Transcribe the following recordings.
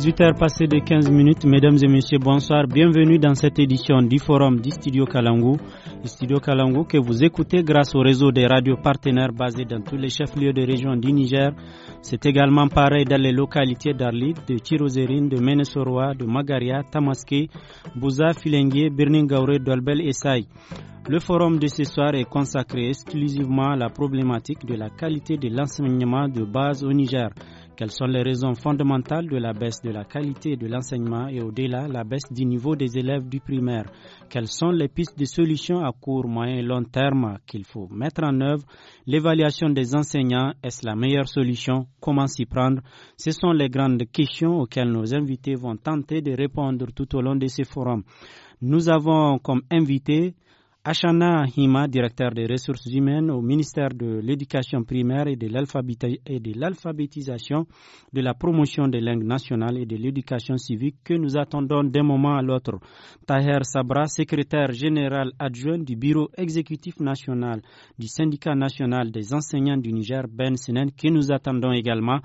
18h passé de 15 minutes, mesdames et messieurs, bonsoir. Bienvenue dans cette édition du forum du Studio Kalangou. Studio Kalangu que vous écoutez grâce au réseau des radios partenaires basés dans tous les chefs-lieux de région du Niger. C'est également pareil dans les localités d'Arlit, de Tirozérine, de Menesoroa, de Magaria, Tamaské, Bouza, Filengue, Birningaure, Dolbel et Saï. Le forum de ce soir est consacré exclusivement à la problématique de la qualité de l'enseignement de base au Niger. Quelles sont les raisons fondamentales de la baisse de la qualité de l'enseignement et au-delà la baisse du niveau des élèves du primaire Quelles sont les pistes de solutions à court, moyen et long terme qu'il faut mettre en œuvre L'évaluation des enseignants, est-ce la meilleure solution Comment s'y prendre Ce sont les grandes questions auxquelles nos invités vont tenter de répondre tout au long de ce forum. Nous avons comme invité Ashana Hima, directeur des ressources humaines au ministère de l'Éducation primaire et de l'alphabétisation, de la promotion des langues nationales et de l'éducation civique que nous attendons d'un moment à l'autre. Taher Sabra, secrétaire général adjoint du bureau exécutif national du syndicat national des enseignants du Niger, Ben Senen, que nous attendons également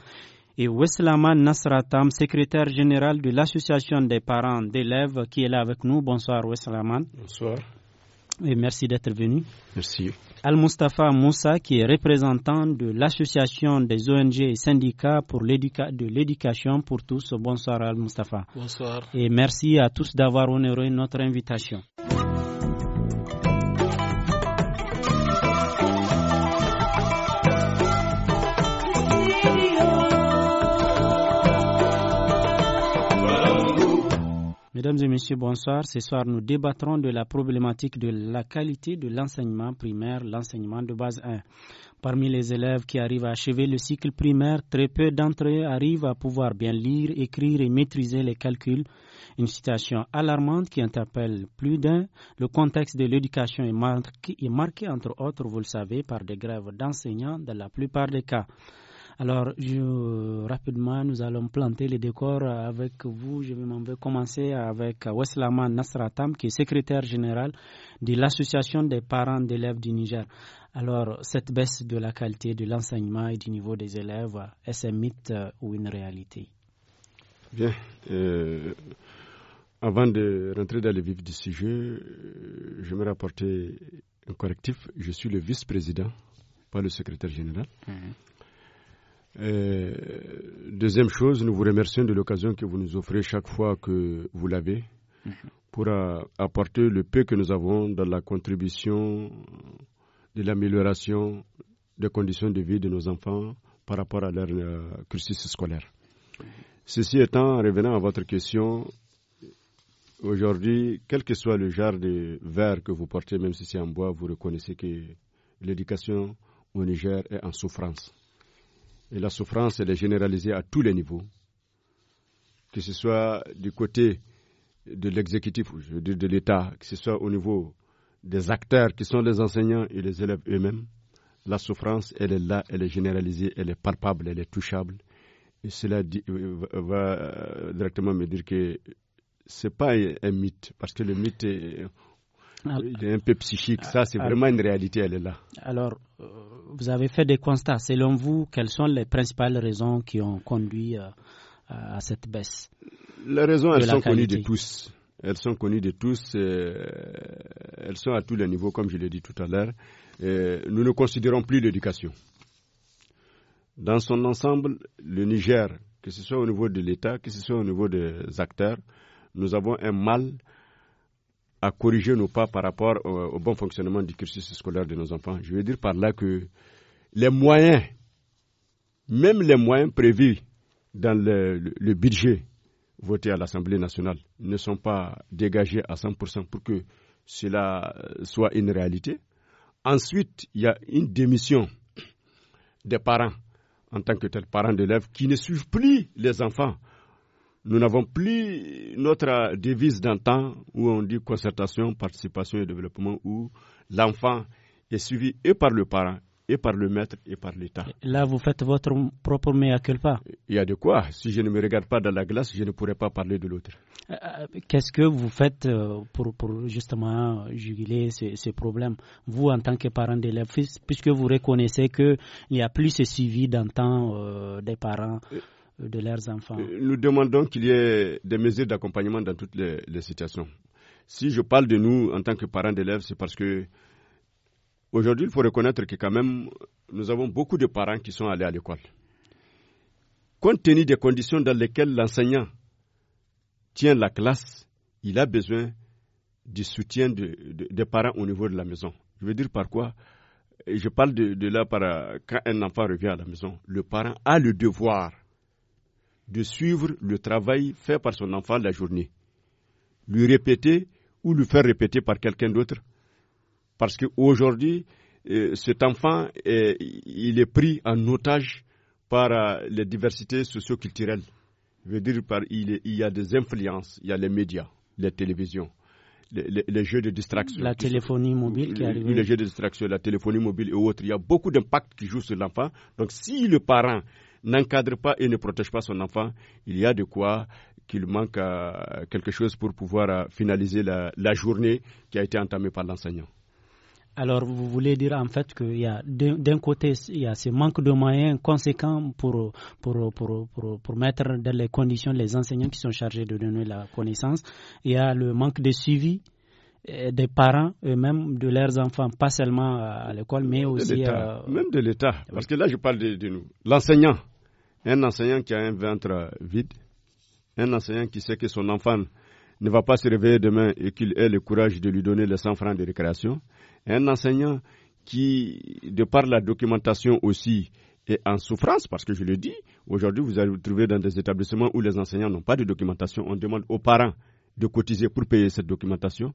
et Weslaman Nasratam, secrétaire général de l'Association des parents d'élèves qui est là avec nous. Bonsoir Weslaman. Bonsoir. Et merci d'être venu. Merci. Al-Mustafa Moussa, qui est représentant de l'Association des ONG et syndicats pour de l'éducation pour tous. Bonsoir Al-Mustafa. Bonsoir. Et merci à tous d'avoir honoré notre invitation. Mesdames et messieurs, bonsoir. Ce soir, nous débattrons de la problématique de la qualité de l'enseignement primaire, l'enseignement de base 1. Parmi les élèves qui arrivent à achever le cycle primaire, très peu d'entre eux arrivent à pouvoir bien lire, écrire et maîtriser les calculs. Une situation alarmante qui interpelle plus d'un. Le contexte de l'éducation est marqué, est marqué, entre autres, vous le savez, par des grèves d'enseignants dans la plupart des cas. Alors, euh, rapidement, nous allons planter les décors avec vous. Je vais commencer avec Weslaman Nasratam, qui est secrétaire général de l'Association des parents d'élèves du Niger. Alors, cette baisse de la qualité de l'enseignement et du niveau des élèves, est-ce un mythe euh, ou une réalité Bien. Euh, avant de rentrer dans le vif du sujet, je me rapporter un correctif. Je suis le vice-président, pas le secrétaire général. Mhm. Euh, deuxième chose, nous vous remercions de l'occasion que vous nous offrez chaque fois que vous l'avez pour apporter le peu que nous avons dans la contribution de l'amélioration des conditions de vie de nos enfants par rapport à leur euh, cursus scolaire. Ceci étant, revenant à votre question, aujourd'hui, quel que soit le genre de verre que vous portez, même si c'est en bois, vous reconnaissez que l'éducation au Niger est en souffrance. Et la souffrance, elle est généralisée à tous les niveaux, que ce soit du côté de l'exécutif, je veux dire de l'État, que ce soit au niveau des acteurs qui sont les enseignants et les élèves eux-mêmes. La souffrance, elle est là, elle est généralisée, elle est palpable, elle est touchable. Et cela euh, va euh, directement me dire que ce n'est pas un mythe, parce que le mythe, un peu psychique, ça c'est vraiment une réalité, elle est là. Alors, euh, vous avez fait des constats. Selon vous, quelles sont les principales raisons qui ont conduit euh, à cette baisse Les raisons, elles sont connues de tous. Elles sont connues de tous, euh, elles sont à tous les niveaux, comme je l'ai dit tout à l'heure. Nous ne considérons plus l'éducation. Dans son ensemble, le Niger, que ce soit au niveau de l'État, que ce soit au niveau des acteurs, nous avons un mal à corriger nos pas par rapport euh, au, bon fonctionnement du cursus scolaire de nos enfants. Je veux dire par là que les moyens, même les moyens prévus dans le, le budget voté à l'Assemblée nationale, ne sont pas dégagés à 100% pour que cela soit une réalité. Ensuite, il y a une démission des parents en tant que tels parents d'élèves qui ne suivent plus les enfants nous n'avons plus notre devise temps où on dit concertation, participation et développement, où l'enfant est suivi et par le parent, et par le maître, et par l'État. Là, vous faites votre propre mea culpa. Il y a de quoi. Si je ne me regarde pas dans la glace, je ne pourrais pas parler de l'autre. Euh, euh, qu'est-ce que vous faites euh, pour, justement juguler ces, problème, problèmes Vous, en tant que parent d'élève, puisque vous reconnaissez qu'il n'y a plus ce suivi d'antan temps des parents. Euh, de leurs enfants. Euh, nous demandons qu'il y ait des mesures d'accompagnement dans toutes les, situations. Si je parle de nous en tant que parents d'élèves, c'est parce que aujourd'hui, il faut reconnaître que quand même, nous avons beaucoup de parents qui sont allés à l'école. Compte tenu des conditions dans lesquelles l'enseignant tient la classe, il a besoin du soutien des parents au niveau de la maison. Je veux dire par quoi Je parle de, de là par euh, quand un enfant revient à la maison, le parent a le devoir de suivre le travail fait par son enfant la journée, lui répéter ou lui faire répéter par quelqu'un d'autre. Parce qu'aujourd'hui, euh, cet enfant, est, il est pris en otage par euh, les diversités socioculturelles. Je veux dire, par, il, y a des influences, il y a les médias, les télévisions, les, jeux de distraction. La téléphonie mobile qui arrive. Les jeux de distraction, la téléphonie mobile et autres. Il y a beaucoup d'impacts qui jouent sur l'enfant. Donc, si le parent n'encadre pas et ne protège pas son enfant, il y a de quoi qu'il manque euh, quelque chose pour pouvoir euh, finaliser la, journée qui a été entamée par l'enseignant. Alors, vous voulez dire en fait qu'il y a d'un côté, il y a ce manque de moyens conséquents pour, pour, pour, pour, mettre dans les conditions les enseignants qui sont chargés de donner la connaissance. Il y a le manque de suivi euh, des parents et même de leurs enfants, pas seulement à l'école, mais aussi. Même de l'État. Parce que là, je parle de nous. L'enseignant, un enseignant qui a un ventre vide, un enseignant qui sait que son enfant ne va pas se réveiller demain et qu'il ait le courage de lui donner les 100 francs de récréation, un enseignant qui, de par la documentation aussi, est en souffrance, parce que je le dis, aujourd'hui vous allez vous trouver dans des établissements où les enseignants n'ont pas de documentation, on demande aux parents de cotiser pour payer cette documentation.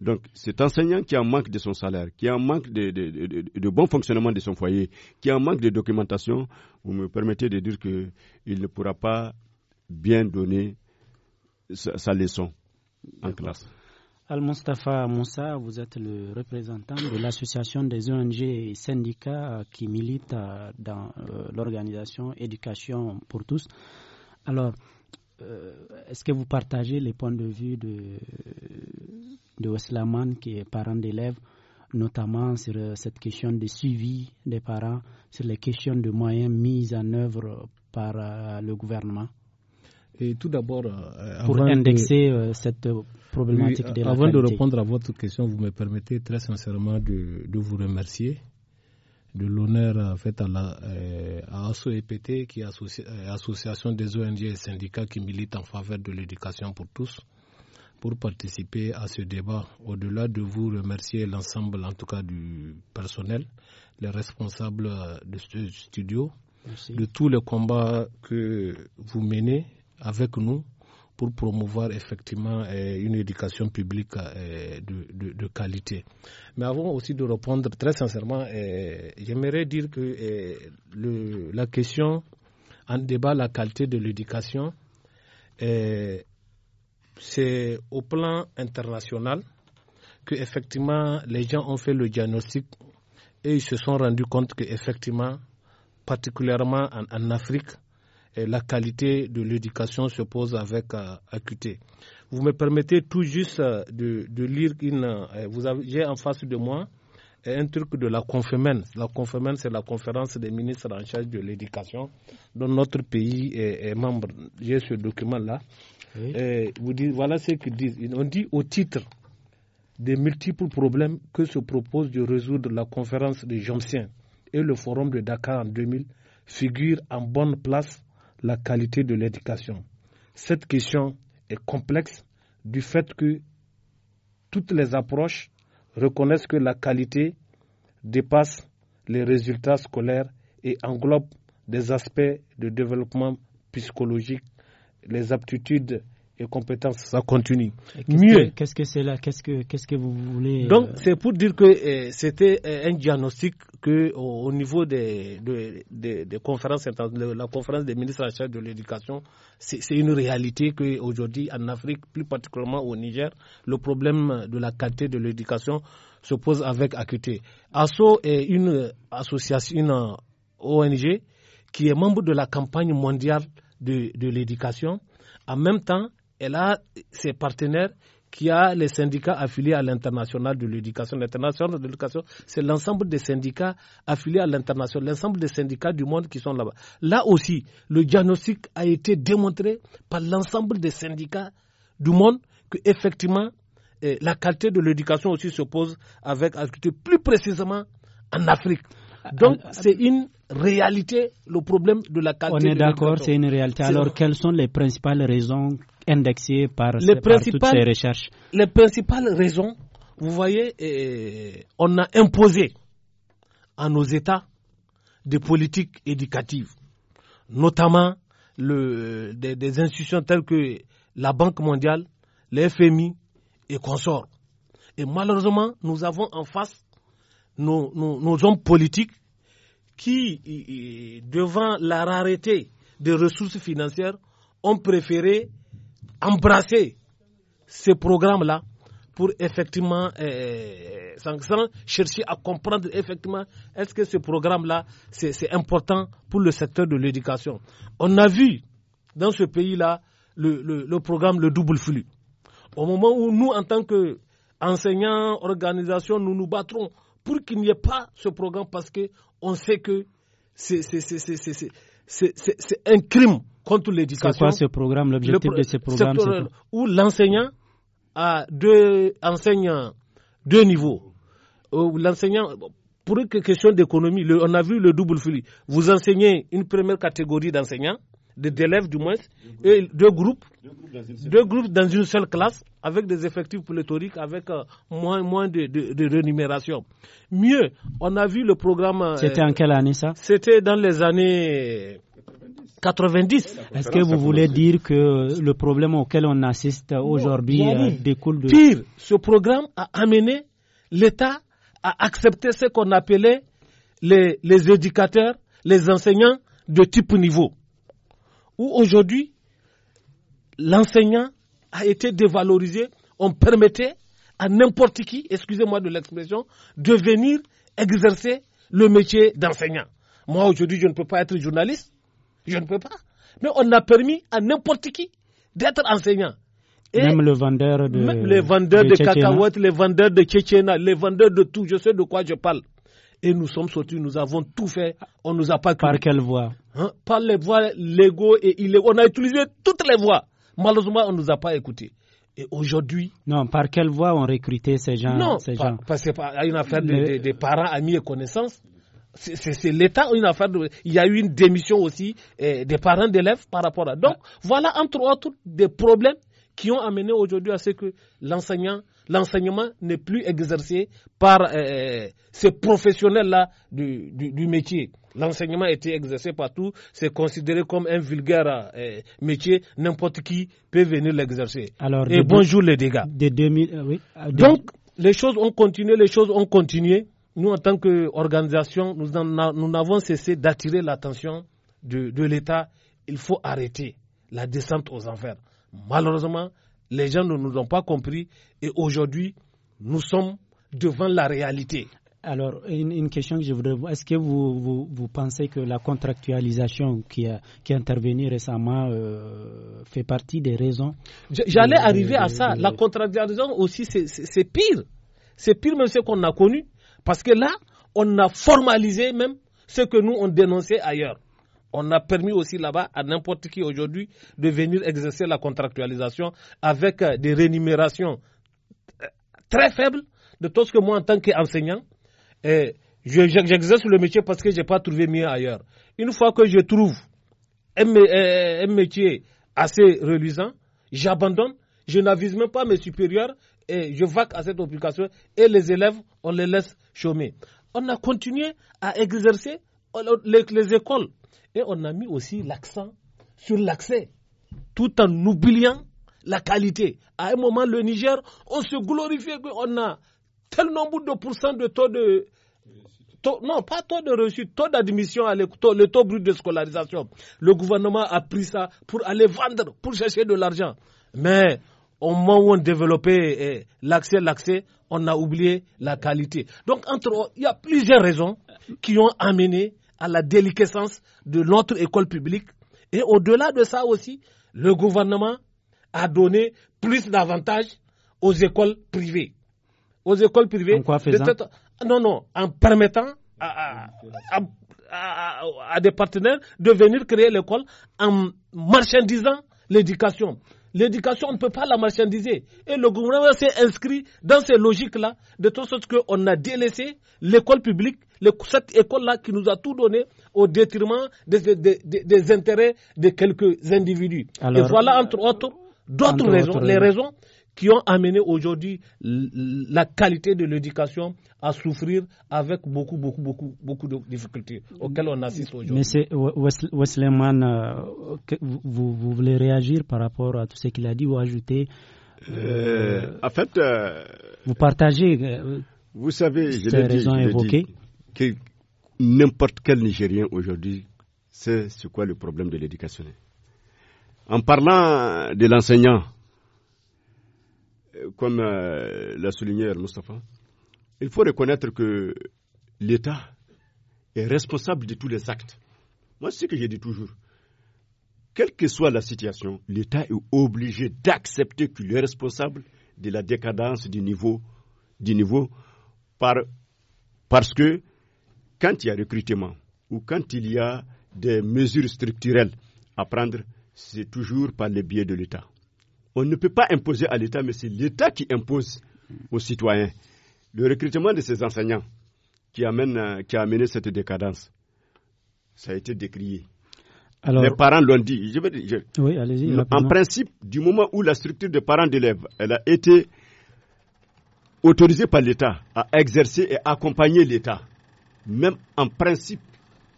Donc, cet enseignant qui en manque de son salaire, qui a en manque de, bon fonctionnement de son foyer, qui a en manque de documentation, vous me permettez de dire qu'il ne pourra pas bien donner sa, leçon en classe. Al-Mustafa Moussa, vous êtes le représentant de l'association des ONG et syndicats qui militent euh, dans euh, l'organisation Éducation pour tous. Alors, euh, est-ce que vous partagez les points de vue de, de qui est parent d'élèves, notamment sur euh, cette question de suivi des parents, sur les questions de moyens mis en œuvre par euh, le gouvernement et tout d'abord, pour indexer cette problématique des de Avant de répondre à votre question, vous me permettez très sincèrement de vous remercier de l'honneur fait à, la, euh, ASOEPT, qui est euh, association des ONG et syndicats qui militent en faveur de l'éducation pour tous, pour participer à ce débat. Au-delà de vous remercier l'ensemble, en tout cas du personnel, les responsables euh, de ce studio, de tous les combats que vous menez avec nous pour promouvoir effectivement euh, une éducation publique euh, de, qualité. Mais avant aussi de répondre très sincèrement, euh, j'aimerais dire que la question en débat, la qualité de l'éducation, c'est au plan international que effectivement les gens ont fait le diagnostic et ils se sont rendus compte qu'effectivement, particulièrement en Afrique, et la qualité de l'éducation se pose avec euh, acuité. Vous me permettez tout juste euh, de, lire une. Euh, vous j'ai en face de moi un truc de la conférence. La conférence, c'est la conférence des ministres en charge de l'éducation dont notre pays est, membre. J'ai ce document-là. vous dites, voilà ce qu'ils disent. On dit au titre des multiples problèmes que se propose de résoudre la conférence des Jomsiens et le forum de Dakar en 2000 figure en bonne place la qualité de l'éducation. Cette question est complexe du fait que toutes les approches reconnaissent que la qualité dépasse les résultats scolaires et englobe des aspects de développement psychologique, les aptitudes et compétences, ça continue. Mieux. Qu'est-ce que c'est là Qu'est-ce que que vous voulez Donc euh, c'est pour dire que euh, c'était euh, un diagnostic que au, niveau des, des, des, conférences, la conférence des ministres en charge de l'éducation, c'est une réalité que aujourd'hui en Afrique, plus particulièrement au Niger, le problème de la qualité de l'éducation se pose avec acuité. ASSO est une association, une ONG qui est membre de la campagne mondiale de, de l'éducation. En même temps, elle a ses partenaires qui a les syndicats affiliés à l'international de l'éducation. L'international de l'éducation, c'est l'ensemble des syndicats affiliés à l'international, l'ensemble des syndicats du monde qui sont là-bas. Là aussi, le diagnostic a été démontré par l'ensemble des syndicats du monde que eh, la qualité de l'éducation aussi se pose avec plus précisément en Afrique. Donc ah, ah, c'est une réalité, le problème de la qualité. On est d'accord, c'est une réalité. Alors quelles sont les principales raisons indexé par, les ces recherches Les principales raisons, vous voyez, eh, on a imposé à nos États des politiques éducatives, notamment des, institutions telles que la Banque mondiale, le FMI et consorts. Et malheureusement, nous avons en face nos, nos hommes politiques qui, devant la rareté des ressources financières, ont préféré embrasser ce programme là pour effectivement, euh, chercher à comprendre effectivement, est-ce que ce programme-là, c'est important pour le secteur de l'éducation. On a vu dans ce pays-là le, le, programme Le Double Flux. Au moment où nous, en tant qu'enseignants, organisations, nous nous battrons pour qu'il n'y ait pas ce programme parce qu'on sait que c'est un crime contre l'éducation. C'est quoi ce programme, l'objectif de ce programme quoi euh, Où l'enseignant a deux enseignants, deux niveaux. Euh, l'enseignant, pour une question d'économie, on a vu le double fil. Vous enseignez une première catégorie d'enseignants, d'élèves du moins, et deux groupes, deux groupes, dans une seule, classe, avec des effectifs pléthoriques, avec euh, moins, moins de, rémunération. Mieux, on a vu le programme. C'était en quelle année ça C'était dans les années 90. Est-ce que vous voulez dire que le problème auquel on assiste aujourd'hui euh, découle de... Pire, ce programme a amené l'État à accepter ce qu'on appelait les, les éducateurs, les enseignants de type niveau. Où aujourd'hui, l'enseignant a été dévalorisé. On permettait à n'importe qui, excusez-moi de l'expression, de venir exercer le métier d'enseignant. Moi, aujourd'hui, je ne peux pas être journaliste je ne peux pas. Mais on a permis à n'importe qui d'être enseignant. même le vendeur de. Même les vendeurs de, cacahuètes, les vendeurs de Tchétchéna, les vendeurs de tout, je sais de quoi je parle. Et nous sommes sortis, nous avons tout fait, on nous a pas Par quelle voie hein? Par les voies légaux et illégaux. On a utilisé toutes les voies. Malheureusement, on ne nous a pas écoutés. Et aujourd'hui. Non, par quelle voie on recruté ces gens Non, ces parce qu'il y a une affaire des parents, amis et connaissances c'est l'État une affaire. il y a eu une démission aussi eh, des parents d'élèves par rapport à. Donc, voilà entre autres des problèmes qui ont amené aujourd'hui à ce que l'enseignant, l'enseignement n'est plus exercé par eh, eh, ces professionnels-là du, du, métier. L'enseignement était exercé partout, c'est considéré comme un vulgaire métier, n'importe qui peut venir l'exercer. Et bonjour les dégâts. De 2000, euh, euh, Donc, les choses ont continué, les choses ont continué nous, en tant qu'organisation, nous n'avons cessé d'attirer l'attention de, l'État. Il faut arrêter la descente aux enfers. Malheureusement, les gens ne nous ont pas compris et aujourd'hui, nous sommes devant la réalité. Alors, une, question que je voudrais Est-ce que vous, pensez que la contractualisation qui a, intervenu récemment euh, fait partie des raisons J'allais arriver à ça. la contractualisation aussi, c'est pire. C'est pire même ce qu'on a connu. Parce que là, on a formalisé même ce que nous, on dénonçait ailleurs. On a permis aussi là-bas à n'importe qui aujourd'hui de venir exercer la contractualisation avec euh, des rémunérations euh, très faibles de tout ce que moi, en tant qu'enseignant, j'exerce le métier parce que je n'ai pas trouvé mieux ailleurs. Une fois que je trouve euh, un, métier assez reluisant, j'abandonne, je n'avise même pas mes supérieurs, et je vaque à cette obligation et les élèves, on les laisse chômer. On a continué à exercer les, les écoles et on a mis aussi l'accent sur l'accès tout en oubliant la qualité. À un moment, le Niger, on se glorifiait qu'on a tel nombre de pourcents de taux de. non, pas taux de réussite, taux d'admission, le taux brut de scolarisation. Le gouvernement a pris ça pour aller vendre, pour chercher de l'argent. Mais au moment où on développait eh, l'accès, l'accès, on a oublié la qualité. Donc, entre, il y a plusieurs raisons qui ont amené à la déliquescence de notre école publique. Et au-delà de ça aussi, le gouvernement a donné plus d'avantages aux écoles privées. Aux écoles privées. En quoi faisant Non, non, en permettant à des partenaires de venir créer l'école en marchandisant l'éducation. L'éducation, on ne peut pas la marchandiser. Et le gouvernement s'est inscrit dans ces logiques-là, de toute sorte qu'on a délaissé l'école publique, cette école-là qui nous a tout donné au détriment des, intérêts de quelques individus. Et voilà, entre autres, d'autres raisons, les raisons qui ont amené aujourd'hui la qualité de l'éducation à souffrir avec beaucoup, beaucoup, beaucoup, beaucoup de difficultés auxquelles on assiste aujourd'hui. Monsieur Wesleyman, euh, vous, voulez réagir par rapport à tout ce qu'il a dit ou ajouter euh, euh, En fait, vous partagez. vous savez, je l'ai dit, que n'importe quel Nigérien aujourd'hui sait ce quoi le problème de l'éducation. En parlant de l'enseignant, euh, comme euh, l'a souligné Moustapha, il faut reconnaître que l'État est responsable de tous les actes. Moi, c'est ce que j'ai dit toujours. Quelle que soit la situation, l'État est obligé d'accepter qu'il est responsable de la décadence du niveau, du niveau parce que quand il y a recrutement ou quand il y a des mesures structurelles à prendre, c'est toujours par le biais de l'État. On ne peut pas imposer à l'État, mais c'est l'État qui impose aux citoyens. Le recrutement de ces enseignants qui, amène, qui a amené cette décadence, ça a été décrié. les parents l'ont dit. Je Oui, allez-y. En principe, du moment où la structure de parents d'élèves, elle a été autorisée par l'État à exercer et accompagner l'État, même en principe,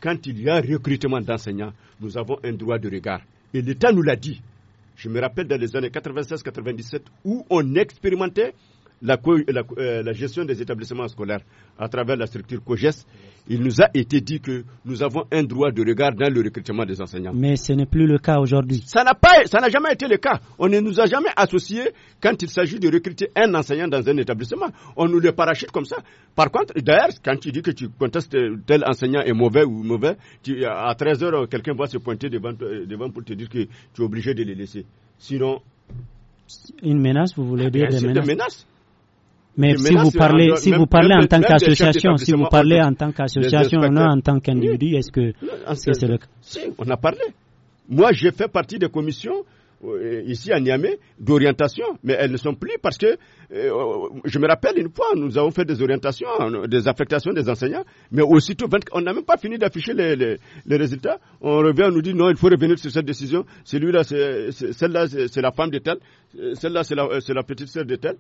quand il y a recrutement d'enseignants, nous avons un droit de regard. Et l'État nous l'a dit. Je me rappelle dans les années 96-97 où on expérimentait euh, la, gestion des établissements scolaires à travers la structure COGES, il nous a été dit que nous avons un droit de regard dans le recrutement des enseignants. Mais ce n'est plus le cas aujourd'hui. Ça n'a jamais été le cas. On ne nous a jamais associés quand il s'agit de recruter un enseignant dans un établissement. On nous le parachute comme ça. Par contre, d'ailleurs, quand tu dis que tu contestes tel enseignant est mauvais ou mauvais, à 13 h quelqu'un va se pointer devant, euh, devant pour te dire que tu es obligé de les laisser. Sinon. Une menace, vous voulez ah, dire une menace? Mais, si, vous parlez, si vous parlez en tant qu'association, si vous parlez en tant qu'association, non en tant qu'individu, est-ce que c'est le cas si, On a parlé. Moi, j'ai fait partie des commissions euh, ici à Niamey d'orientation, mais elles ne sont plus parce que, euh, je me rappelle une fois, nous avons fait des orientations, euh, des affectations des enseignants, mais aussitôt, on n'a même pas fini d'afficher les, résultats. On revient, on nous dit non, il faut revenir sur cette décision. Celui-là, celle-là, c'est la femme de tel, celle-là, c'est la, la, petite sœur de tel.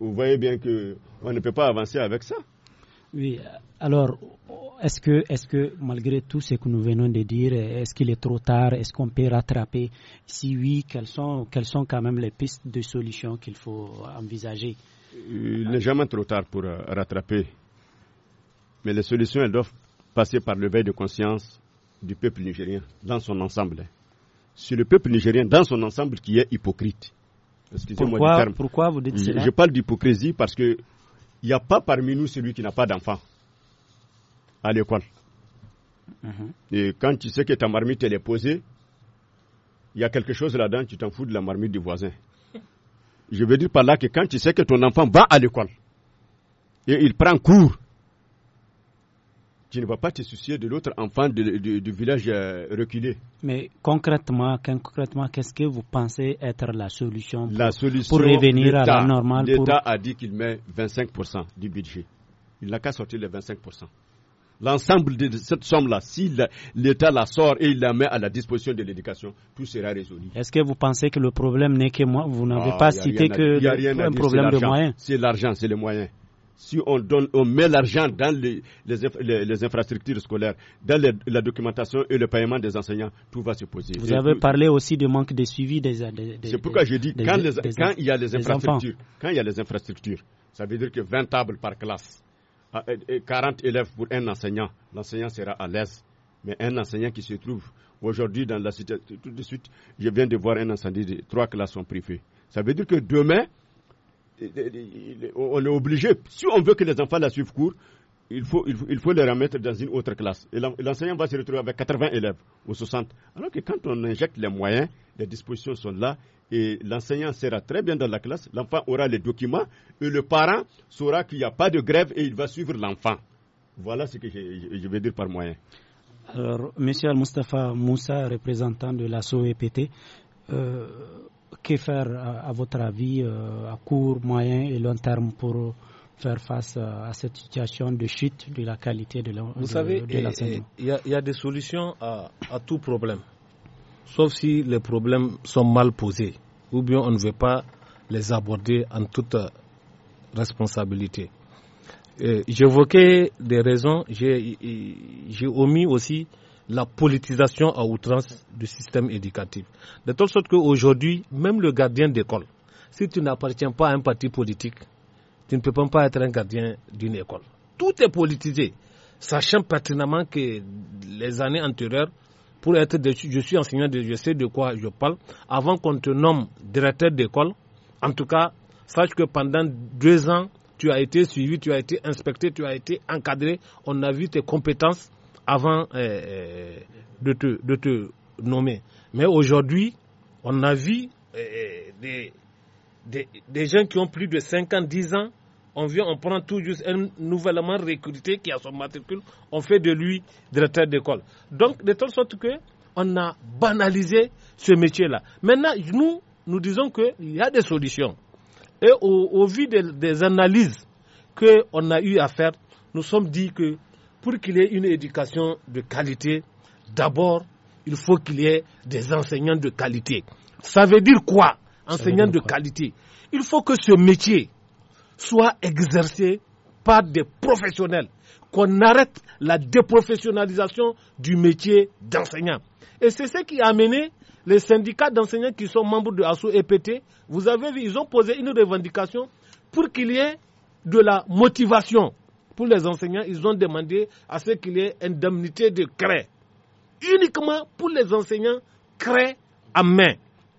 Vous voyez bien que on ne peut pas avancer avec ça. Oui, alors, est-ce que, est que, malgré tout ce que nous venons de dire, est-ce qu'il est trop tard Est-ce qu'on peut rattraper Si oui, quelles sont, quelles sont quand même les pistes de solutions qu'il faut envisager euh, Il n'est jamais trop tard pour euh, rattraper. Mais les solutions, elles doivent passer par le de conscience du peuple nigérien dans son ensemble. Sur le peuple nigérien dans son ensemble qui est hypocrite. Excusez-moi du terme. Pourquoi vous dites cela Je parle d'hypocrisie parce que il n'y a pas parmi nous celui qui n'a pas d'enfant à l'école. Mhm. Et quand tu sais que ta marmite elle est posée, il y a quelque chose là-dedans, tu t'en fous de la marmite du voisin. Je veux dire par là que quand tu sais que ton enfant va à l'école et il prend cours, tu ne vas pas te soucier de l'autre enfant du village euh, reculé. Mais concrètement, concrètement qu'est-ce que vous pensez être la solution pour, revenir à la normale L'État a dit qu'il met 25% du budget. Il n'a qu'à sortir les 25%. L'ensemble de cette somme-là, si l'État la sort et il la met à la disposition de l'éducation, tout sera résolu. Est-ce que vous pensez que le problème n'est que moi Vous n'avez ah, pas cité que le, un problème de moyens. C'est l'argent, c'est les moyens si on, met l'argent dans les, infrastructures scolaires, dans la documentation et le paiement des enseignants, tout va se poser. Vous avez parlé aussi du manque de suivi des. des C'est pourquoi je dis, quand, il y a les infrastructures, quand il y a les infrastructures, ça veut dire que 20 tables par classe, 40 ah, élèves pour un enseignant, l'enseignant sera à l'aise. Mais un enseignant qui se trouve aujourd'hui dans la situation, tout de suite, je viens de voir un incendie, trois classes sont privées. Ça veut dire que demain, on est obligé, si on veut que les enfants la suivent court, il faut, il faut, les remettre dans une autre classe. Et l'enseignant va se retrouver avec 80 élèves ou 60. Alors que quand on injecte les moyens, les dispositions sont là et l'enseignant sera très bien dans la classe, l'enfant aura les documents et le parent saura qu'il n'y a pas de grève et il va suivre l'enfant. Voilà ce que je, veux dire par moyen. Alors, M. al Moussa, représentant de la SOEPT, euh, que faire, euh, à, votre avis, euh, à court, moyen et long terme pour faire face euh, à cette situation de chute de la qualité de l'eau? Vous savez, il y, a des solutions à, à tout problème, sauf si les problèmes sont mal posés ou bien on ne veut pas les aborder en toute responsabilité. J'évoquais des raisons, j'ai omis aussi la politisation à outrance du système éducatif. De telle sorte qu'aujourd'hui, même le gardien d'école, si tu n'appartiens pas à un parti politique, tu ne peux pas être un gardien d'une école. Tout est politisé, sachant pertinemment que les années antérieures, pour être, je suis enseignant, je sais de quoi je parle, avant qu'on te nomme directeur d'école, en tout cas, sache que pendant deux ans, tu as été suivi, tu as été inspecté, tu as été encadré, on a vu tes compétences, avant euh, euh, de, te, nommer. Mais aujourd'hui, on a vu euh, des, gens qui ont plus de 5 ans, 10 ans, on vient, on prend tout juste un nouvellement recruté qui a son matricule, on fait de lui directeur d'école. Donc, de telle sorte que on a banalisé ce métier-là. Maintenant, nous, nous disons qu'il y a des solutions. Et au, vu des, des analyses qu'on a eu à faire, nous sommes dit que pour qu'il y ait une éducation de qualité, d'abord, il faut qu'il y ait des enseignants de qualité. Ça veut dire quoi Enseignants de qualité. Il faut que ce métier soit exercé par des professionnels, qu'on arrête la déprofessionnalisation du métier d'enseignant. Et c'est ce qui a amené les syndicats d'enseignants qui sont membres de ASSO EPT. Vous avez vu, ils ont posé une revendication pour qu'il y ait de la motivation pour les enseignants, ils ont demandé à ce qu'il y ait indemnité de craie. Uniquement pour les enseignants, craie à main.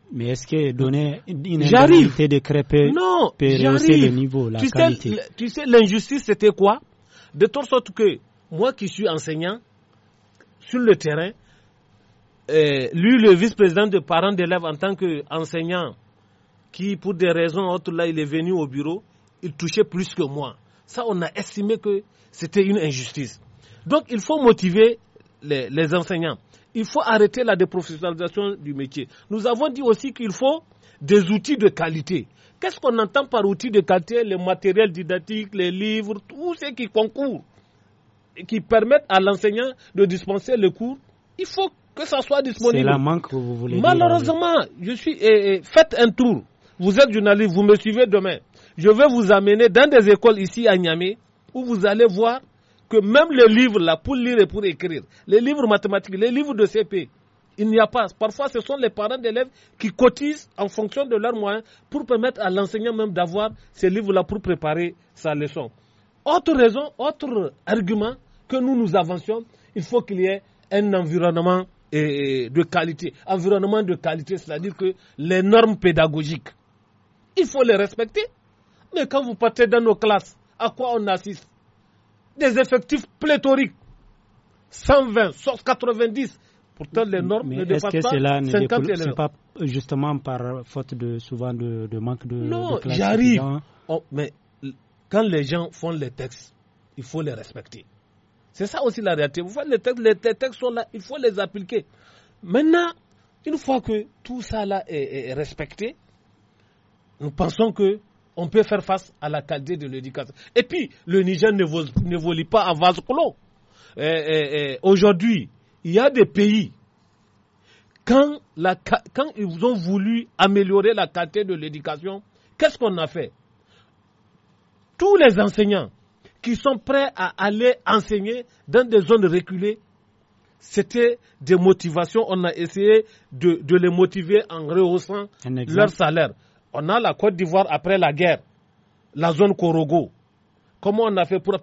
Mais est-ce que donner une indemnité de craie peut, non, le niveau, la tu sais, Tu sais, l'injustice, c'était quoi De toute sorte que moi qui suis enseignant, sur le terrain, euh, lui, le vice-président de parents d'élèves en tant qu'enseignant, qui pour des raisons autres, là, il est venu au bureau, il touchait plus que moi. Ça, on a estimé que c'était une injustice. Donc, il faut motiver les, enseignants. Il faut arrêter la déprofessionnalisation du métier. Nous avons dit aussi qu'il faut des outils de qualité. Qu'est-ce qu'on entend par outils de qualité Les matériels didactiques, les livres, tout ce qui concourt et qui permettent à l'enseignant de dispenser le cours. Il faut que ça soit disponible. C'est la manque que vous voulez Malheureusement, je suis. faites un tour. Vous êtes journaliste, vous me suivez demain. Je vais vous amener dans des écoles ici à Niamey où vous allez voir que même les livres là pour lire et pour écrire, les livres mathématiques, les livres de CP, il n'y a pas. Parfois, ce sont les parents d'élèves qui cotisent en fonction de leurs moyens pour permettre à l'enseignant même d'avoir ces livres-là pour préparer sa leçon. Autre raison, autre argument que nous nous avancions, il faut qu'il y ait un environnement de qualité. Environnement de qualité, c'est-à-dire que les normes pédagogiques, il faut les respecter. Mais quand vous partez dans nos classes, à quoi on assiste Des effectifs pléthoriques. 120, 90. Pourtant, les normes ne dépassent pas. Est-ce que cela ne pas justement par faute de, souvent de, manque de. Non, j'arrive. mais quand les gens font les textes, il faut les respecter. C'est ça aussi la réalité. Vous faites les textes, les, textes sont là, il faut les appliquer. Maintenant, une fois que tout ça est respecté, nous pensons que on peut faire face à la qualité de l'éducation. Et puis, le Niger ne volit pas à vase clos. Eh, eh, eh, aujourd'hui, il y a des pays, quand, ils ont voulu améliorer la qualité de l'éducation, qu'est-ce qu'on a fait Tous les enseignants qui sont prêts à aller enseigner dans des zones reculées, c'était des motivations. On a essayé de les motiver en rehaussant leur salaire. On a la Côte d'Ivoire après la guerre, la zone Korogo. Comment on a fait pour,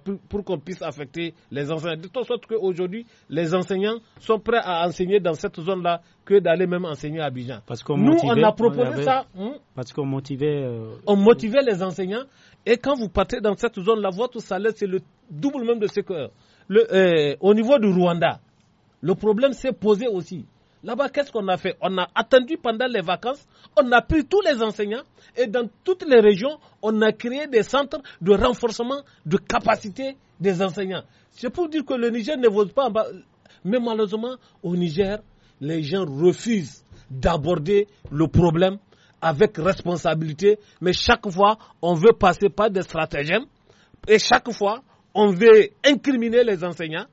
qu'on puisse affecter les enseignants De toute sorte aujourd'hui, les enseignants sont prêts à enseigner dans cette zone-là que d'aller même enseigner à Abidjan. Parce Nous, on a proposé ça. Hein? Parce qu'on motivait. Euh, on motivait les enseignants. Et quand vous partez dans cette zone-là, votre salaire, c'est le double même de ce que. Le, euh, au niveau du Rwanda, le problème s'est posé aussi. Là-bas, qu'est-ce qu'on a fait On a attendu pendant les vacances, on a pris tous les enseignants et dans toutes les régions, on a créé des centres de renforcement de capacité des enseignants. C'est pour dire que le Niger ne vote pas. Mais malheureusement, au Niger, les gens refusent d'aborder le problème avec responsabilité. Mais chaque fois, on veut passer par des stratagèmes et chaque fois, on veut incriminer les enseignants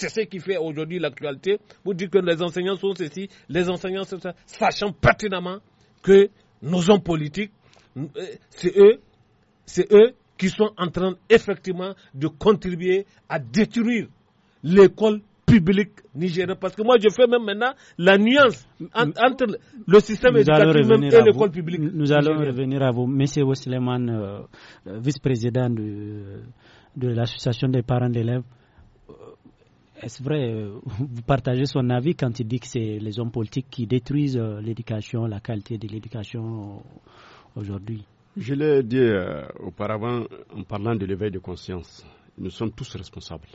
c'est ce qui fait aujourd'hui l'actualité. Vous dites que les enseignants sont ceci, les enseignants sont ça, sachant pertinemment que nos hommes politiques, c'est eux, c'est eux qui sont en train effectivement de contribuer à détruire l'école publique nigérienne. Parce que moi, je fais même maintenant la nuance entre le système éducatif et l'école publique. Nous allons revenir à vous. Monsieur Ouslemane, euh, vice-président de l'association des parents d'élèves, est-ce vrai, euh, vous partagez son avis quand il dit que c'est les hommes politiques qui détruisent euh, l'éducation, la qualité de l'éducation euh, aujourd'hui Je l'ai dit auparavant en parlant de l'éveil de conscience. Nous sommes tous responsables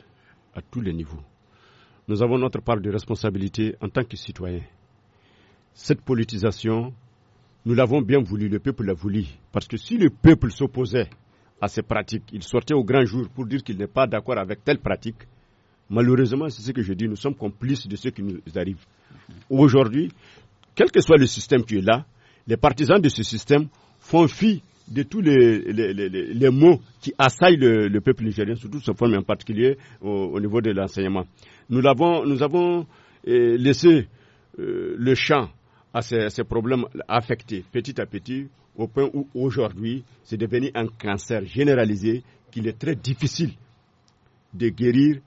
à tous les niveaux. Nous avons notre part de responsabilité en tant que citoyens. Cette politisation, nous l'avons bien voulu, le peuple l'a voulu. Parce que si le peuple s'opposait à ces pratiques, il sortait au grand jour pour dire qu'il n'est pas d'accord avec telle pratique, Malheureusement, c'est ce que je dis, nous sommes complices de ce qui nous arrive. Aujourd'hui, quel que soit le système qui est là, les partisans de ce système font fi de tous les, mots qui assaillent le, peuple nigérien, surtout sa forme en particulier au, niveau de l'enseignement. Nous, avons, eh, laissé euh, le champ à ces problèmes affectés petit à petit, au point où aujourd'hui, c'est devenu un cancer généralisé qu'il est très difficile de guérir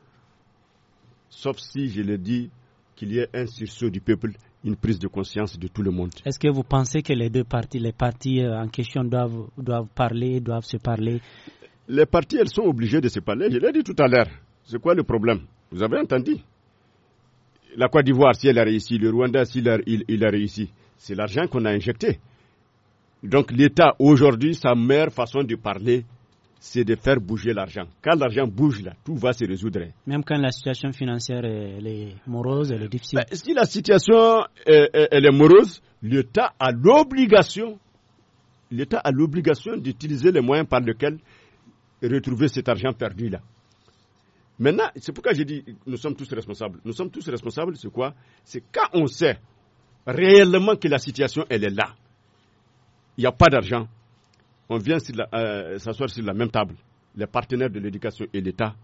sauf si, je le dis, qu'il y ait un sursaut du peuple, une prise de conscience de tout le monde. Est-ce que vous pensez que les deux parties, les partis euh, en question doivent, parler, doivent se parler Les partis, elles sont obligées de se parler. Je l'ai dit tout à l'heure. C'est quoi le problème Vous avez entendu La Côte d'Ivoire, si elle a réussi, le Rwanda, s'il a réussi, c'est l'argent qu'on a injecté. Donc l'État, aujourd'hui, sa meilleure façon de parler, c'est de faire bouger l'argent. Quand l'argent bouge, là, tout va se résoudre. Même quand la situation financière est, morose, elle est difficile. Ben, si la situation est, elle est morose, l'État a l'obligation, l'État a l'obligation d'utiliser les moyens par lesquels retrouver cet argent perdu là. Maintenant, c'est pourquoi j'ai dit nous sommes tous responsables. Nous sommes tous responsables, c'est quoi C'est quand on sait réellement que la situation elle est là, il n'y a pas d'argent, on vient euh, s'asseoir sur la même table, les partenaires de l'éducation et l'État,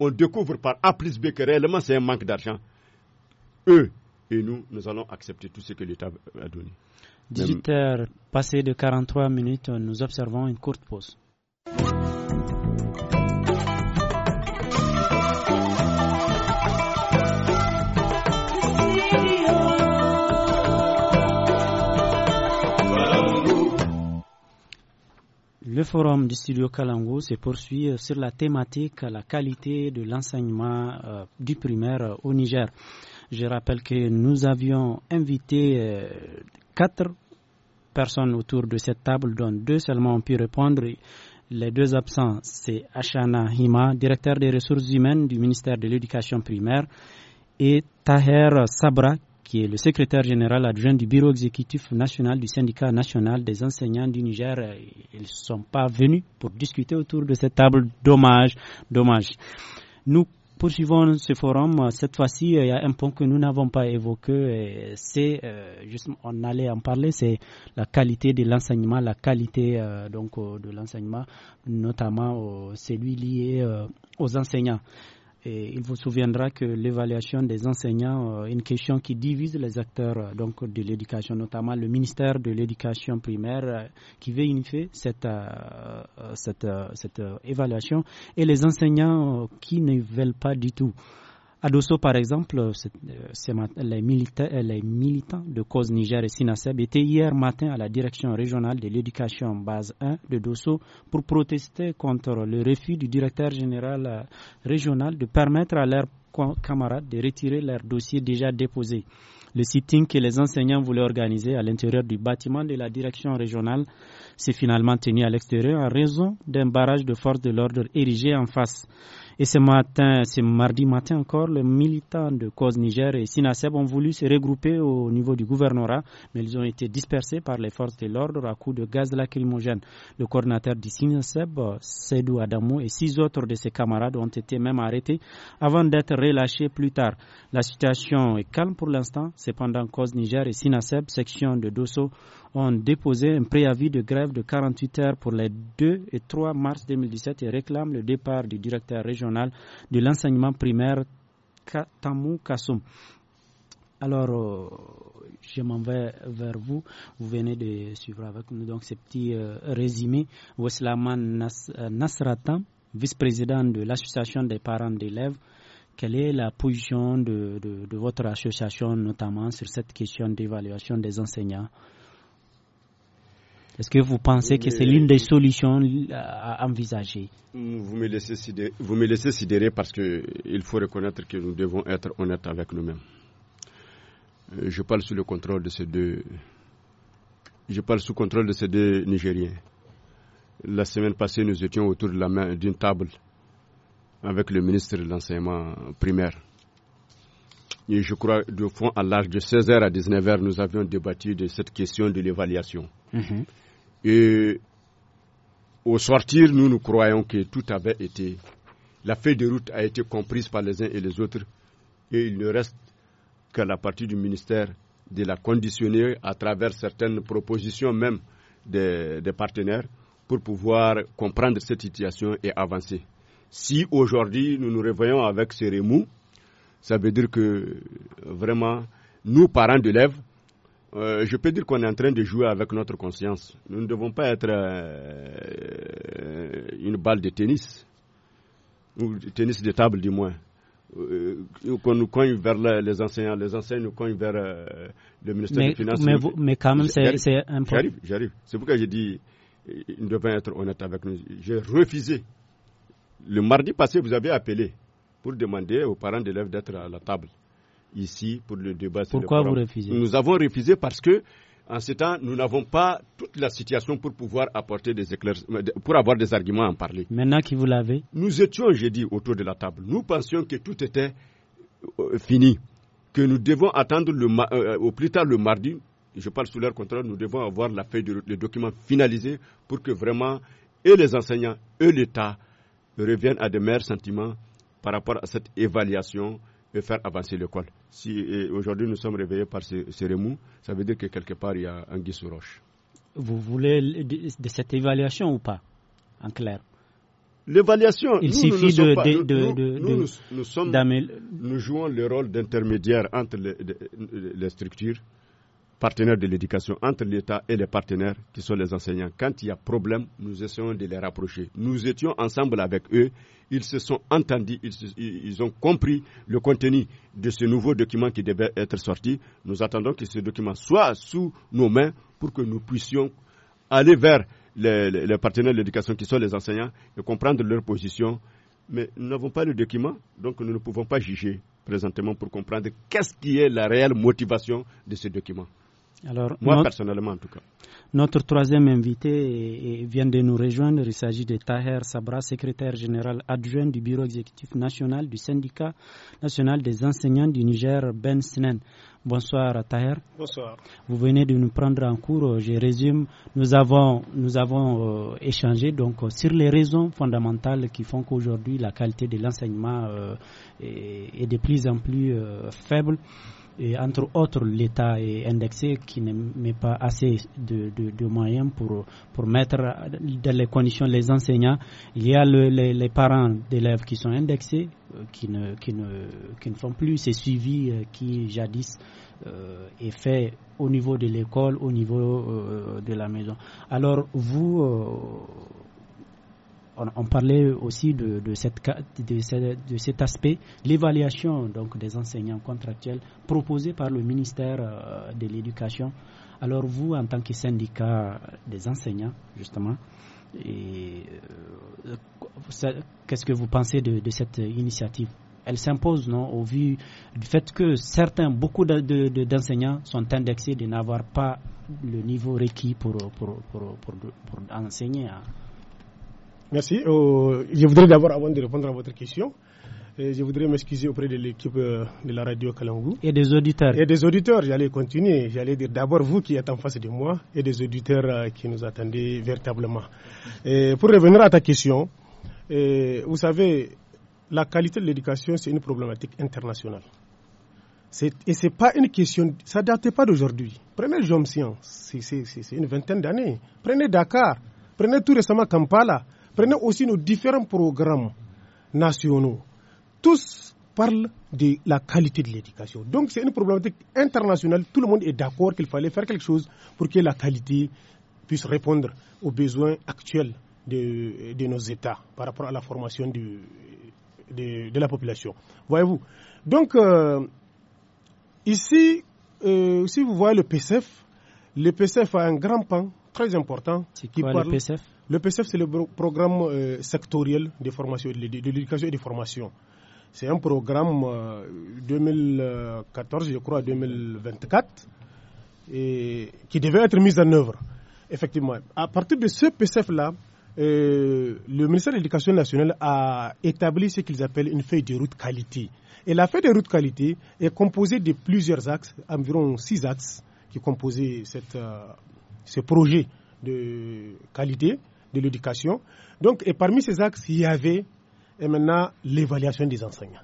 on découvre par A plus B que réellement c'est un manque d'argent. Eux et nous, nous allons accepter tout ce que l'État a donné. 18 heures passées de 43 minutes, nous observons une courte pause. Le forum du studio Kalango se poursuit euh, sur la thématique la qualité de l'enseignement euh, du primaire euh, au Niger. Je rappelle que nous avions invité quatre personnes autour de cette table, dont deux seulement ont pu répondre. Les deux absents, c'est Ashana Hima, directeur des ressources humaines du ministère de l'Éducation primaire, et Taher Sabra, qui est le secrétaire général adjoint du bureau exécutif national du syndicat national des enseignants du Niger. Ils ne sont pas venus pour discuter autour de cette table. Dommage, dommage. Nous poursuivons ce forum. Cette fois-ci, il y a un point que nous n'avons pas évoqué. Euh, c'est, euh, on allait en parler, c'est la qualité de l'enseignement, la qualité euh, de l'enseignement, notamment celui lié aux enseignants. Et il vous souviendra que l'évaluation des enseignants est euh, une question qui divise les acteurs euh, de l'éducation, notamment le ministère de l'éducation primaire euh, qui veut inifier cette, cette, cette évaluation et les enseignants qui ne veulent pas du tout. À Dosso, par exemple, euh, euh, les, militants de cause Niger et Sinaseb étaient hier matin à la direction régionale de l'éducation base 1 de Dosso pour protester contre le refus du directeur général euh, régional de permettre à leurs camarades de retirer leurs dossiers déjà déposés. Le sitting que les enseignants voulaient organiser à l'intérieur du bâtiment de la direction régionale s'est finalement tenu à l'extérieur en raison d'un barrage de forces de l'ordre érigé en face. Et ce matin, ce mardi matin encore, les militants de cause Niger et Sinaseb ont voulu se regrouper au niveau du gouvernorat, mais ils ont été dispersés par les forces de l'ordre à coup de gaz lacrymogène. Le coordinateur du Sinaseb, Sedou Adamo, et six autres de ses camarades ont été même arrêtés avant d'être relâchés plus tard. La situation est calme pour l'instant. Cependant, cause Niger et Sinaseb, section de Dosso, ont déposé un préavis de grève de 48 heures pour les 2 et 3 mars 2017 et réclament le départ du directeur régional de l'enseignement primaire Tamou Kassoum. Alors, euh, je m'en vais vers vous. Vous venez de suivre avec nous donc ce petit euh, résumé. Weslaman euh, vice-président de l'association des parents d'élèves. Quelle est la position de votre association, notamment sur cette question d'évaluation des enseignants est-ce que vous pensez que c'est l'une des solutions euh, à envisager mm, vous me, laissez sidérer, parce qu'il euh, faut reconnaître que nous devons être honnêtes avec nous-mêmes. Euh, je parle sous le contrôle de ces deux. Je parle sous contrôle de ces deux Nigériens. La semaine passée, nous étions autour d'une table avec le ministre de l'enseignement primaire. Et je crois, de fond, à l'âge de 16h à 19h, nous avions débattu de cette question de l'évaluation. Mm-hmm. Et au sortir, nous nous croyons que tout avait été, la feuille de route a été comprise par les uns et les autres, et il ne reste qu'à la partie du ministère de la conditionner à travers certaines propositions même des, partenaires pour pouvoir comprendre cette situation et avancer. Si aujourd'hui nous nous réveillons avec ces remous, ça veut dire que vraiment, nous, parents d'élèves, euh, je peux dire qu'on est en train de jouer avec notre conscience. Nous ne devons pas être euh, une balle de tennis, ou tennis de table du moins. ou euh, qu'on nous cogne vers les enseignants, les enseignants nous cognent vers le ministère des Finances. Mais, quand même, c'est important. J'arrive, j'arrive. C'est pourquoi j'ai dit, nous devons être honnêtes avec nous. J'ai refusé. Le mardi passé, vous avez appelé pour demander aux parents d'élèves d'être à la table ici pour le débat. Pourquoi vous refusez Nous avons refusé parce que en ce temps, nous n'avons pas toute la situation pour pouvoir apporter des éclaircissements, euh, pour avoir des arguments à en parler. Maintenant que vous l'avez Nous étions, j'ai dit, autour de la table. Nous pensions que tout était euh, fini, que nous devons attendre euh, au plus tard le mardi. Je parle sous leur contrôle, nous devons avoir la feuille, de, document pour que vraiment, et les enseignants, et l'État reviennent à de meilleurs sentiments par rapport à cette évaluation et faire avancer l'école. Si aujourd'hui nous sommes réveillés par ces, remous, ça veut dire que quelque part il y a un sous roche. Vous voulez de cette évaluation ou pas En clair L'évaluation, il suffit de, nous, jouons le rôle d'intermédiaire entre les structures partenaires de l'éducation, entre l'État et les partenaires qui sont les enseignants. Quand il y a problème, nous essayons de les rapprocher. Nous étions ensemble avec eux, ils se sont entendus, ils, ont compris le contenu de ce nouveau document qui devait être sorti. Nous attendons que ce document soit sous nos mains pour que nous puissions aller vers les partenaires de l'éducation qui sont les enseignants et comprendre leur position. Mais nous n'avons pas le document, donc nous ne pouvons pas juger présentement pour comprendre qu'est-ce qui est la réelle motivation de ce document. Alors, Moi, personnellement, en tout cas. Notre troisième invité vient de nous rejoindre. Il s'agit de Taher Sabra, secrétaire général adjoint du bureau exécutif national du syndicat national des enseignants du Niger, Ben Sinen. Bonsoir, Taher. Bonsoir. Vous venez de nous prendre en cours. Euh, je résume. Nous avons, nous avons euh, échangé donc, euh, sur les raisons fondamentales qui font qu'aujourd'hui, la qualité de l'enseignement est, de plus en plus faible et entre autres, l'État est indexé qui ne met pas assez de, de, moyens pour, pour mettre dans les conditions les enseignants. Il y a les, parents d'élèves qui sont indexés, euh, qui ne, qui ne, qui ne font plus ces suivis euh, qui jadis euh, est fait au niveau de l'école, au niveau euh, de la maison. Alors vous, on, parlait aussi de, cet aspect, l'évaluation donc des enseignants contractuels proposée par le ministère euh, de l'Éducation. Alors vous, en tant que syndicat des enseignants, justement, euh, qu'est-ce que vous pensez de, cette initiative Elle s'impose, non, au vu du fait que certains, beaucoup d'enseignants sont indexés de n'avoir pas le niveau requis pour, enseigner. Hein. Merci. Euh, je voudrais d'abord, avant de répondre à votre question, euh, je voudrais m'excuser auprès de l'équipe euh, de la radio Kalangou. Et des auditeurs. Et des auditeurs, j'allais continuer. J'allais dire d'abord vous qui êtes en face de moi et des auditeurs qui nous attendaient véritablement. pour revenir à ta question, vous savez, la qualité de l'éducation, c'est une problématique internationale. Et ce n'est pas une question, ça ne date pas d'aujourd'hui. Prenez Jomsien, c'est une vingtaine d'années. Prenez Dakar, prenez tout récemment Kampala. Prenez aussi nos différents programmes nationaux. Tous parlent de la qualité de l'éducation. Donc c'est une problématique internationale. Tout le monde est d'accord qu'il fallait faire quelque chose pour que la qualité puisse répondre aux besoins actuels de, nos États par rapport à la formation de, la population. Voyez-vous Donc, euh, ici, euh, si vous voyez le PCF, le PCF a un grand pan très important. C'est qui parle... PCF le PCF, c'est le programme euh, sectoriel de formation, de, l'éducation et des formations. C'est un programme 2014, euh, je crois, 2024, et, qui devait être mis en œuvre. Effectivement, à partir de ce PCF-là, euh, le ministère de l'Éducation nationale a établi ce qu'ils appellent une feuille de route qualité. Et la feuille de route qualité est composée de plusieurs axes, environ six axes qui composaient ce projet de qualité de l'éducation. Donc, et parmi ces axes, il y avait et maintenant l'évaluation des enseignants.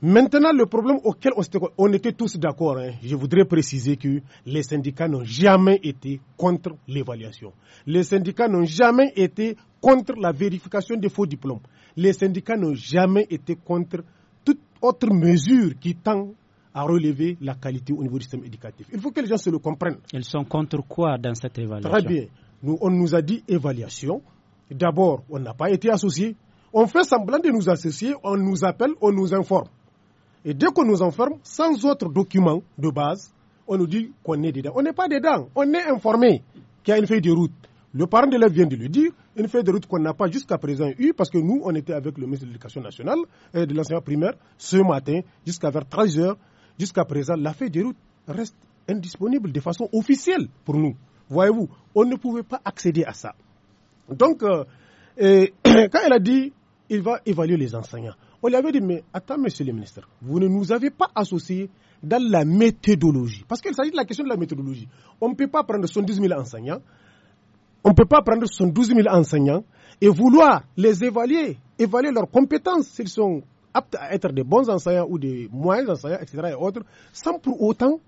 Maintenant, le problème auquel on était, tous d'accord, hein, je voudrais préciser que les syndicats n'ont jamais été contre l'évaluation. Les syndicats n'ont jamais été contre la vérification des faux diplômes. Les syndicats n'ont jamais été contre toute autre mesure qui tend à relever la qualité au niveau du système éducatif. Il faut que les gens se le comprennent. Ils sont contre quoi dans cette évaluation Très bien on nous a dit évaluation. D'abord, on n'a pas été associé. On fait semblant de nous associer, on nous appelle, on nous informe. Et dès qu'on nous enferme, sans autre document de base, on nous dit qu'on est dedans. On n'est pas dedans, on est informé qu'il y a une feuille de route. Le parent de l'élève vient de le dire, une feuille de route qu'on n'a pas jusqu'à présent eue, parce que nous, on était avec le ministre de l'Éducation nationale et de l'enseignement primaire ce matin, jusqu'à vers 13h. Jusqu'à présent, la feuille de route reste indisponible de façon officielle pour nous. Voyez-vous, on ne pouvait pas accéder à ça. Donc, euh, quand elle a dit, il va évaluer les enseignants, on lui avait dit, mais attends, monsieur le ministre, vous ne nous avez pas associés dans la méthodologie. Parce qu'il s'agit de la question de la méthodologie. On ne peut pas prendre dix 000 enseignants, on ne peut pas prendre 72 000 enseignants et vouloir les évaluer, évaluer leurs compétences, s'ils sont aptes à être des bons enseignants ou des moyens enseignants, etc. et autres, sans pour autant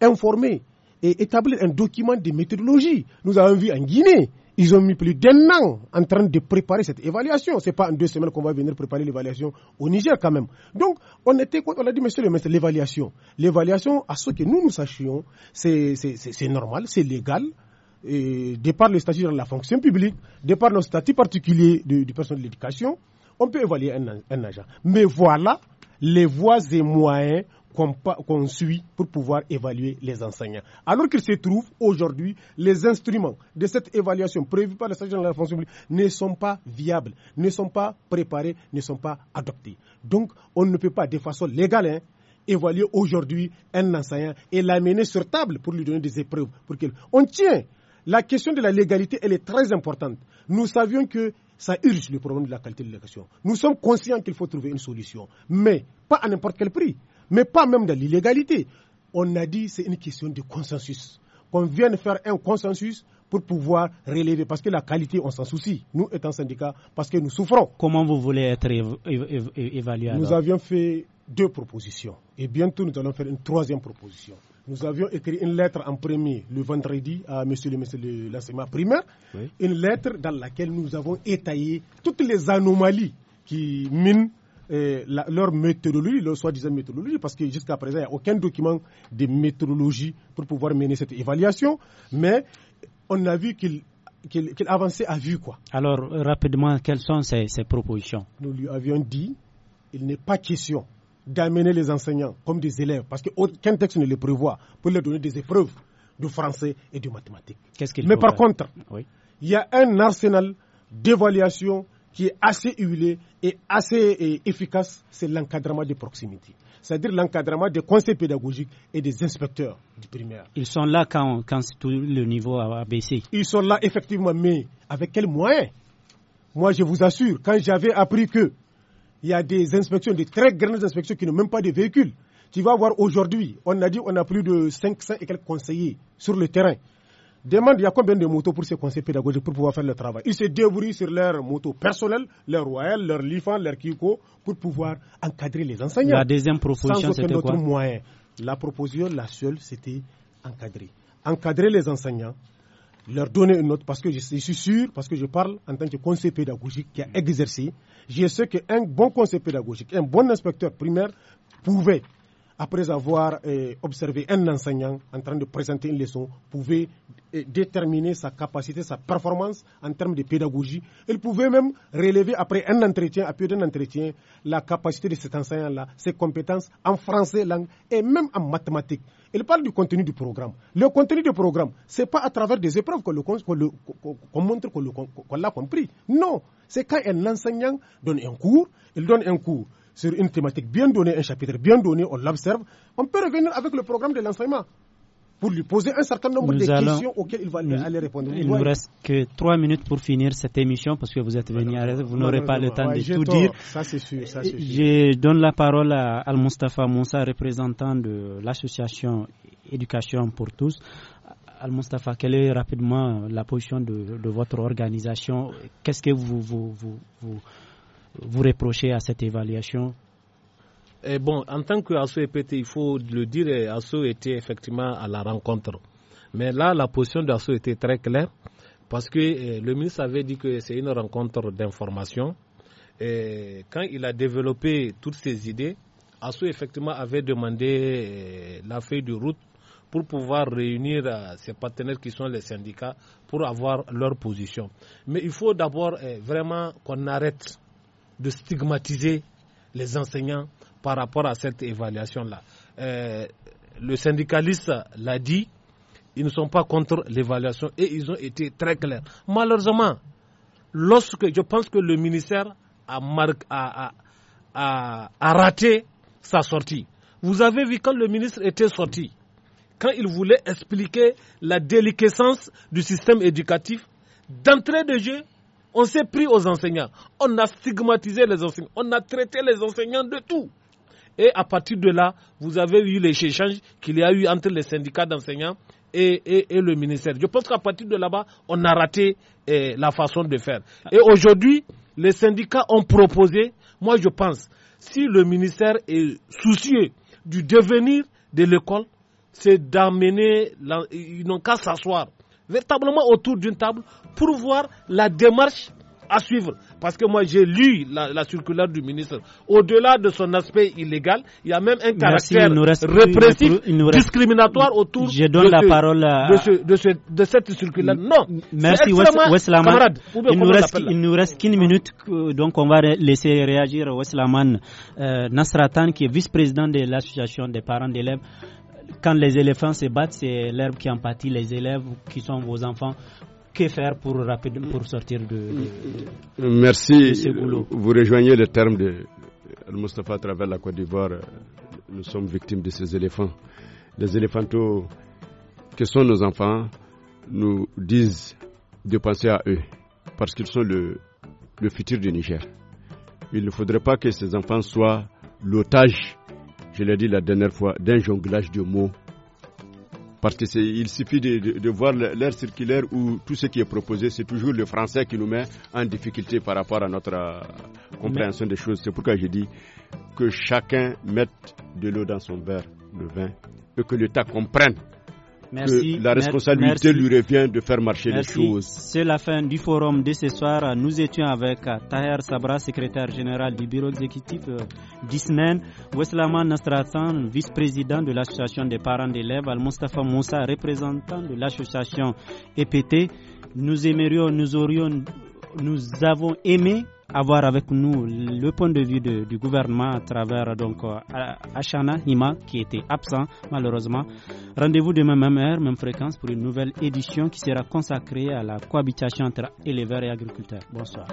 informer et établir un document de méthodologie. Nous avons vu en Guinée, ils ont mis plus d'un an en train de préparer cette évaluation. Ce n'est pas en deux semaines qu'on va venir préparer l'évaluation au Niger quand même. Donc, on, était, on a dit, monsieur le ministre, l'évaluation. L'évaluation, à ce que nous, nous sachions, c'est normal, c'est légal. Et de le statut de la fonction publique, de par nos statut particuliers du, personnel de l'éducation, on peut évaluer un, un agent. Mais voilà les voies et moyens qu'on suit pour pouvoir évaluer les enseignants. Alors qu'il se trouve aujourd'hui, les instruments de cette évaluation prévue par le statut de la fonction publique ne sont pas viables, ne sont pas préparés, ne sont pas adoptés. Donc, on ne peut pas, de façon légale, hein, évaluer aujourd'hui un enseignant et l'amener sur table pour lui donner des épreuves. Pour on tient. La question de la légalité, elle est très importante. Nous savions que ça urge le problème de la qualité de l'éducation. Nous sommes conscients qu'il faut trouver une solution, mais pas à n'importe quel prix mais pas même de l'illégalité. On a dit c'est une question de consensus. Qu'on vienne faire un consensus pour pouvoir relever, parce que la qualité, on s'en soucie, nous étant syndicat, parce que nous souffrons. Comment vous voulez être évalué Nous avions fait deux propositions et bientôt nous allons faire une troisième proposition. Nous avions écrit une lettre en premier le vendredi à M. le M. de l'enseignement primaire, une lettre dans laquelle nous avons étayé toutes les anomalies qui minent leur méthodologie, leur soi-disant méthodologie, parce que jusqu'à présent, il n'y a aucun document de méthodologie pour pouvoir mener cette évaluation, mais on a vu qu'il avançait à vue. Quoi. Alors, rapidement, quelles sont ces, propositions Nous lui avions dit, il n'est pas question d'amener les enseignants comme des élèves, parce qu'aucun texte ne les prévoit, pour leur donner des épreuves de français et de mathématiques. Mais par contre, il y a un arsenal d'évaluation qui est assez huilé et assez efficace, c'est l'encadrement de proximité. C'est-à-dire l'encadrement des conseils pédagogiques et des inspecteurs du primaire. Ils sont là quand, tout le niveau a baissé. Ils sont là effectivement, mais avec quels moyens Moi, je vous assure, quand j'avais appris que il y a des inspections, des très grandes inspections qui n'ont même pas de véhicules, tu vas voir aujourd'hui, on a dit on a plus de 500 et quelques conseillers sur le terrain. Demande, il y a combien de motos pour ces conseils pédagogiques pour pouvoir faire le travail Ils se débrouillent sur leurs motos personnelles, leurs Royal, leurs Lifan, leurs Kiko, pour pouvoir encadrer les enseignants. La deuxième proposition, c'était quoi moyen. La proposition, la seule, c'était encadrer. Encadrer les enseignants, leur donner une note, parce que je, je suis sûr, parce que je parle en tant que conseil pédagogique qui a mm. exercé, je sais qu'un bon conseil pédagogique, un bon inspecteur primaire pouvait après avoir euh, observé un enseignant en train de présenter une leçon, pouvait euh, déterminer sa capacité, sa performance en termes de pédagogie. Il pouvait même relever après un entretien, après un entretien, la capacité de cet enseignant-là, ses compétences en français, langue et même en mathématiques. Il parle du contenu du programme. Le contenu du programme, ce n'est pas à travers des épreuves qu'on montre qu'on l'a compris. Non, c'est quand un enseignant donne un cours, il donne un cours sur une thématique bien donnée, un chapitre bien donné, on l'observe, on peut revenir avec le programme de l'enseignement pour lui poser un certain nombre de questions auxquelles il va nous, aller répondre. Il, ne nous reste que trois minutes pour finir cette émission parce que vous êtes venu, vous n'aurez pas le temps de tout dire. Ça, sûr, sûr. Je donne la parole à Al-Mustafa Moussa, représentant de l'association Éducation pour tous. Al-Mustafa, quelle est rapidement la position de, votre organisation Qu'est-ce que vous, vous, vous vous reprochez à cette évaluation eh bon, en tant qu'ASOEPT, il faut le dire, ASSO était e effectivement à la rencontre. Mais là, la position d'ASSO était e très claire parce que eh, le ministre avait dit que c'est une rencontre d'information. Et quand il a développé toutes ses idées, ASSO effectivement avait demandé eh, la feuille de route pour pouvoir réunir ses partenaires qui sont les syndicats pour avoir leur position. Mais il faut d'abord vraiment qu'on arrête de stigmatiser les enseignants par rapport à cette évaluation-là. Euh, le syndicaliste l'a dit, ils ne sont pas contre l'évaluation et ils ont été très clairs. Malheureusement, lorsque je pense que le ministère a, a raté sa sortie, vous avez vu quand le ministre était sorti, quand il voulait expliquer la déliquescence du système éducatif, d'entrée de jeu, on s'est pris aux enseignants. On a stigmatisé les enseignants. On a traité les enseignants de tout. Et à partir de là, vous avez eu les échanges qu'il y a eu entre les syndicats d'enseignants et, le ministère. Je pense qu'à partir de là-bas, on a raté eh, la façon de faire. Et aujourd'hui, les syndicats ont proposé, moi je pense, si le ministère est soucieux du devenir de l'école, c'est d'amener, ils n'ont qu'à s'asseoir véritablement autour d'une table pour voir la démarche à suivre. Parce que moi, j'ai lu la, circulaire du ministre. Au-delà de son aspect illégal, il y a même un caractère répressif, discriminatoire reste... autour Je donne de, la parole de, de, de, cette circulaire. Non. Merci, Weslaman. Il nous, reste, nous reste qu'une minute, donc on va laisser réagir Weslaman euh, Nasratan, qui est vice-président de l'association des parents d'élèves quand les éléphants se battent, c'est l'herbe qui en les élèves qui sont vos enfants. Que faire pour, sortir de, Merci. Vous rejoignez le terme de mustafa à travers la Côte d'Ivoire. Nous sommes victimes de ces éléphants. Les éléphants que sont nos enfants nous disent de penser à eux parce qu'ils sont le, le futur du Niger. Il ne faudrait pas que ces enfants soient l'otage je l'ai dit la dernière fois, d'un jonglage de mots. Parce qu'il suffit de, de, voir l'air circulaire où tout ce qui est proposé, c'est toujours le français qui nous met en difficulté par rapport à notre euh, compréhension des choses. C'est pourquoi je dis que chacun mette de l'eau dans son verre, le vin, et que l'État comprenne que la responsabilité lui revient de faire marcher les choses. C'est la fin du forum de ce soir. Nous étions avec euh, Taher Sabra, secrétaire général du bureau exécutif euh, d'ISMEN, Weslaman Nastrasan, vice-président de l'association des parents d'élèves, Al-Mustafa Moussa, représentant de l'association EPT. Nous aimerions, nous aurions, nous avons aimé avoir avec nous le point de vue du gouvernement à travers donc euh, Ashana Hima qui était absent malheureusement. Rendez-vous demain même heure, même fréquence pour une nouvelle édition qui sera consacrée à la cohabitation entre éleveurs et agriculteurs. Bonsoir.